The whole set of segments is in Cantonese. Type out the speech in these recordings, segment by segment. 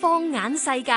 放眼世界，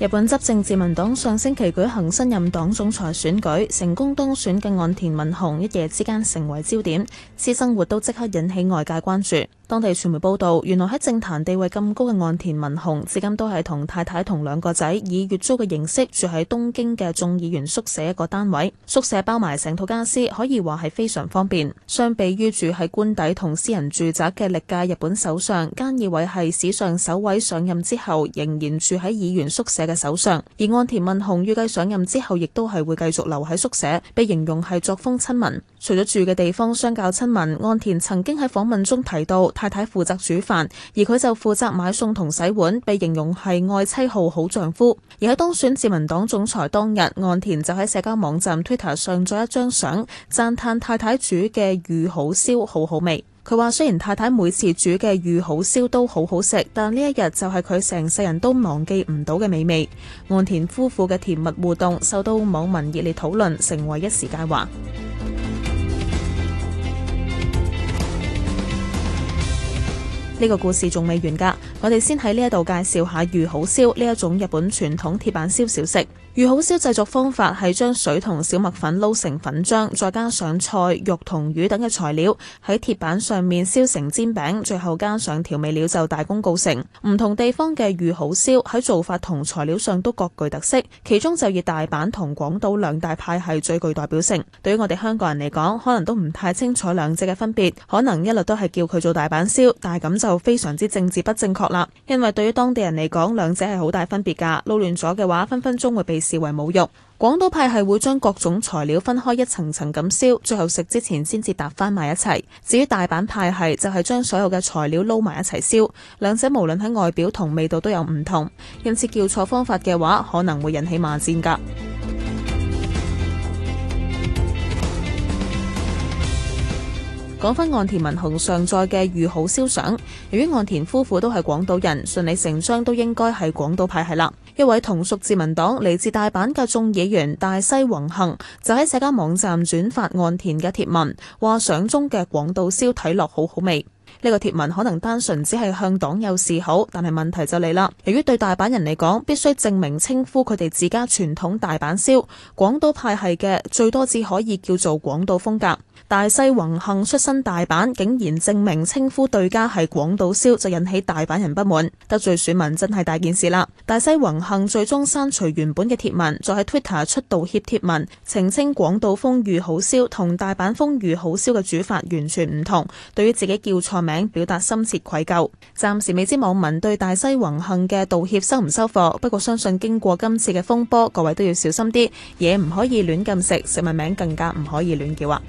日本執政自民黨上星期舉行新任黨總裁選舉，成功當選嘅岸田文雄一夜之間成為焦點，私生活都即刻引起外界關注。當地傳媒報導，原來喺政壇地位咁高嘅岸田文雄，至今都係同太太同兩個仔以月租嘅形式住喺東京嘅眾議員宿舍一個單位，宿舍包埋成套傢俬，可以話係非常方便。相比於住喺官邸同私人住宅嘅歷屆日本首相，菅義偉係史上首位上任之後仍然住喺議員宿舍嘅首相。而岸田文雄預計上任之後，亦都係會繼續留喺宿舍，被形容係作風親民。除咗住嘅地方相較親民，岸田曾經喺訪問中提到，太太負責煮飯，而佢就負責買餸同洗碗，被形容係愛妻號好丈夫。而喺當選自民黨總裁當日，岸田就喺社交網站 Twitter 上咗一張相，讚歎太太煮嘅御好燒好好味。佢話：雖然太太每次煮嘅御好燒都好好食，但呢一日就係佢成世人都忘記唔到嘅美味。岸田夫婦嘅甜蜜互動受到網民熱烈討論，成為一時佳話。呢個故事仲未完㗎，我哋先喺呢一度介紹下御好燒呢一種日本傳統鐵板燒小食。御好燒製作方法係將水同小麥粉撈成粉漿，再加上菜、肉同魚等嘅材料，喺鐵板上面燒成煎餅，最後加上調味料就大功告成。唔同地方嘅御好燒喺做法同材料上都各具特色，其中就以大阪同廣島兩大派系最具代表性。對於我哋香港人嚟講，可能都唔太清楚兩者嘅分別，可能一律都係叫佢做大阪燒，但係咁就非常之政治不正確啦，因為對於當地人嚟講，兩者係好大分別㗎，撈亂咗嘅話，分分鐘會被。視為侮辱。廣島派系會將各種材料分開一層層咁燒，最後食之前先至搭翻埋一齊。至於大阪派系就係將所有嘅材料撈埋一齊燒，兩者無論喺外表同味道都有唔同。因此叫錯方法嘅話，可能會引起罵戰㗎。講翻 岸田文雄上載嘅御好燒相，由於岸田夫婦都係廣島人，順理成章都應該係廣島派系啦。一位同屬自民黨、嚟自大阪嘅眾議員大西宏行就喺社交網站轉發岸田嘅貼文，話相中嘅廣島燒睇落好好味。呢、這個貼文可能單純只係向黨友示好，但係問題就嚟啦。由於對大阪人嚟講，必須證明稱呼佢哋自家傳統大阪燒，廣島派系嘅最多只可以叫做廣島風格。大西宏幸出身大阪，竟然證明稱呼對家係廣島燒，就引起大阪人不滿，得罪選民真係大件事啦。大西宏幸最終刪除原本嘅貼文，再喺 Twitter 出道歉貼文，澄清廣島風御好燒同大阪風御好燒嘅煮法完全唔同，對於自己叫錯名表達深切愧疚。暫時未知網民對大西宏幸嘅道歉收唔收貨，不過相信經過今次嘅風波，各位都要小心啲。嘢唔可以亂咁食，食物名更加唔可以亂叫啊！